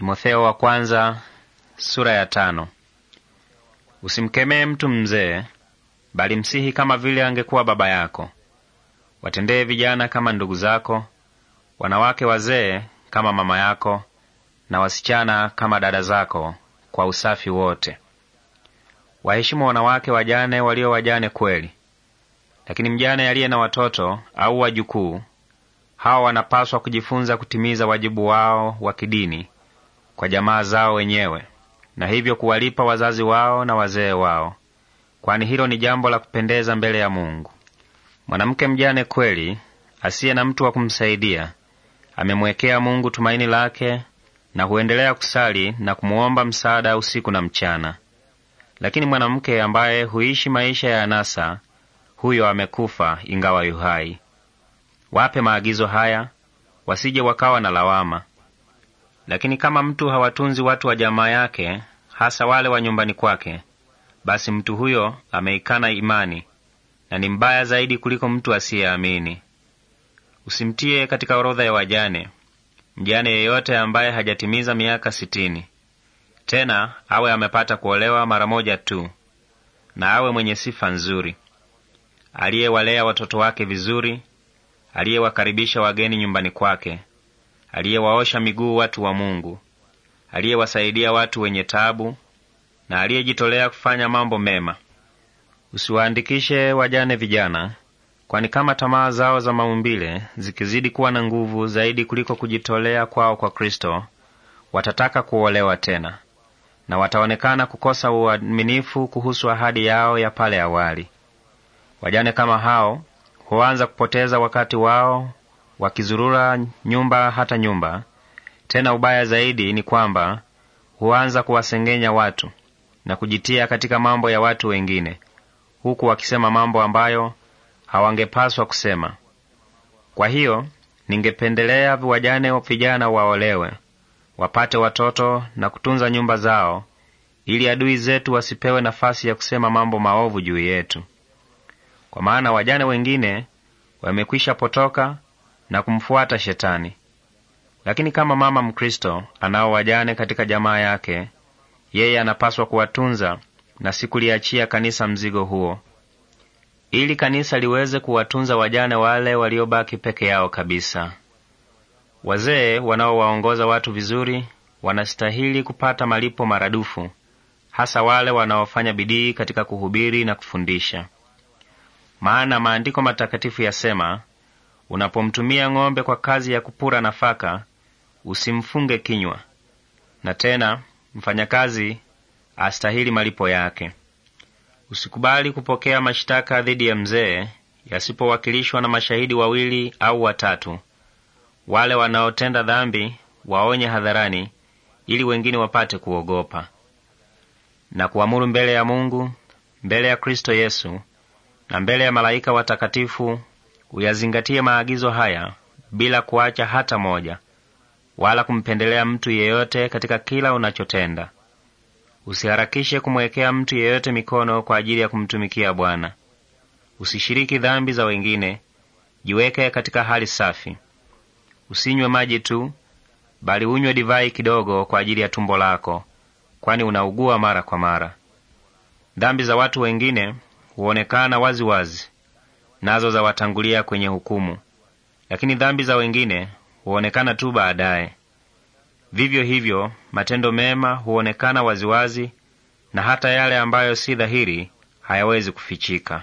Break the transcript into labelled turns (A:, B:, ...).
A: Timotheo wa kwanza, sura ya tano. Usimkemee mtu mzee, bali msihi kama vile angekuwa baba yako. Watendee vijana kama ndugu zako, wanawake wazee kama mama yako, na wasichana kama dada zako, kwa usafi wote. Waheshimu wanawake wajane walio wajane kweli. Lakini mjane aliye na watoto au wajukuu, hawa wanapaswa kujifunza kutimiza wajibu wao wa kidini kwa jamaa zao wenyewe, na hivyo kuwalipa wazazi wao na wazee wao, kwani hilo ni jambo la kupendeza mbele ya Mungu. Mwanamke mjane kweli asiye na mtu wa kumsaidia amemwekea Mungu tumaini lake na huendelea kusali na kumuomba msaada usiku na mchana. Lakini mwanamke ambaye huishi maisha ya anasa, huyo amekufa ingawa yuhai. Wape maagizo haya wasije wakawa na lawama, lakini kama mtu hawatunzi watu wa jamaa yake, hasa wale wa nyumbani kwake, basi mtu huyo ameikana imani na ni mbaya zaidi kuliko mtu asiyeamini. Usimtie katika orodha ya wajane mjane yeyote ambaye hajatimiza miaka sitini, tena awe amepata kuolewa mara moja tu, na awe mwenye sifa nzuri, aliyewalea watoto wake vizuri, aliyewakaribisha wageni nyumbani kwake aliyewaosha miguu watu wa Mungu, aliyewasaidia watu wenye tabu na aliyejitolea kufanya mambo mema. Usiwaandikishe wajane vijana, kwani kama tamaa zao za maumbile zikizidi kuwa na nguvu zaidi kuliko kujitolea kwao kwa Kristo, watataka kuolewa tena na wataonekana kukosa uaminifu kuhusu ahadi yao ya pale awali. Wajane kama hao huanza kupoteza wakati wao wakizurura nyumba hata nyumba. Tena ubaya zaidi ni kwamba huanza kuwasengenya watu na kujitia katika mambo ya watu wengine, huku wakisema mambo ambayo hawangepaswa kusema. Kwa hiyo ningependelea wajane vijana waolewe, wapate watoto na kutunza nyumba zao, ili adui zetu wasipewe nafasi ya kusema mambo maovu juu yetu, kwa maana wajane wengine wamekwisha potoka na kumfuata Shetani. Lakini kama mama Mkristo anao wajane katika jamaa yake, yeye anapaswa kuwatunza na si kuliachia kanisa mzigo huo, ili kanisa liweze kuwatunza wajane wale waliobaki peke yao kabisa. Wazee wanaowaongoza watu vizuri wanastahili kupata malipo maradufu, hasa wale wanaofanya bidii katika kuhubiri na kufundisha. Maana maandiko matakatifu yasema, Unapomtumia ng'ombe kwa kazi ya kupura nafaka, usimfunge kinywa. Na tena mfanyakazi astahili malipo yake. Usikubali kupokea mashtaka dhidi ya mzee yasipowakilishwa na mashahidi wawili au watatu. Wale wanaotenda dhambi waonye hadharani, ili wengine wapate kuogopa. Na kuamuru mbele ya Mungu, mbele ya Kristo Yesu na mbele ya malaika watakatifu Uyazingatie maagizo haya bila kuacha hata moja, wala kumpendelea mtu yeyote katika kila unachotenda. Usiharakishe kumwekea mtu yeyote mikono kwa ajili ya kumtumikia Bwana. Usishiriki dhambi za wengine, jiweke katika hali safi. Usinywe maji tu, bali unywe divai kidogo kwa ajili ya tumbo lako, kwani unaugua mara kwa mara. Dhambi za watu wengine huonekana waziwazi wazi, nazo zawatangulia kwenye hukumu, lakini dhambi za wengine huonekana tu baadaye. Vivyo hivyo matendo mema huonekana waziwazi, na hata yale ambayo si dhahiri hayawezi kufichika.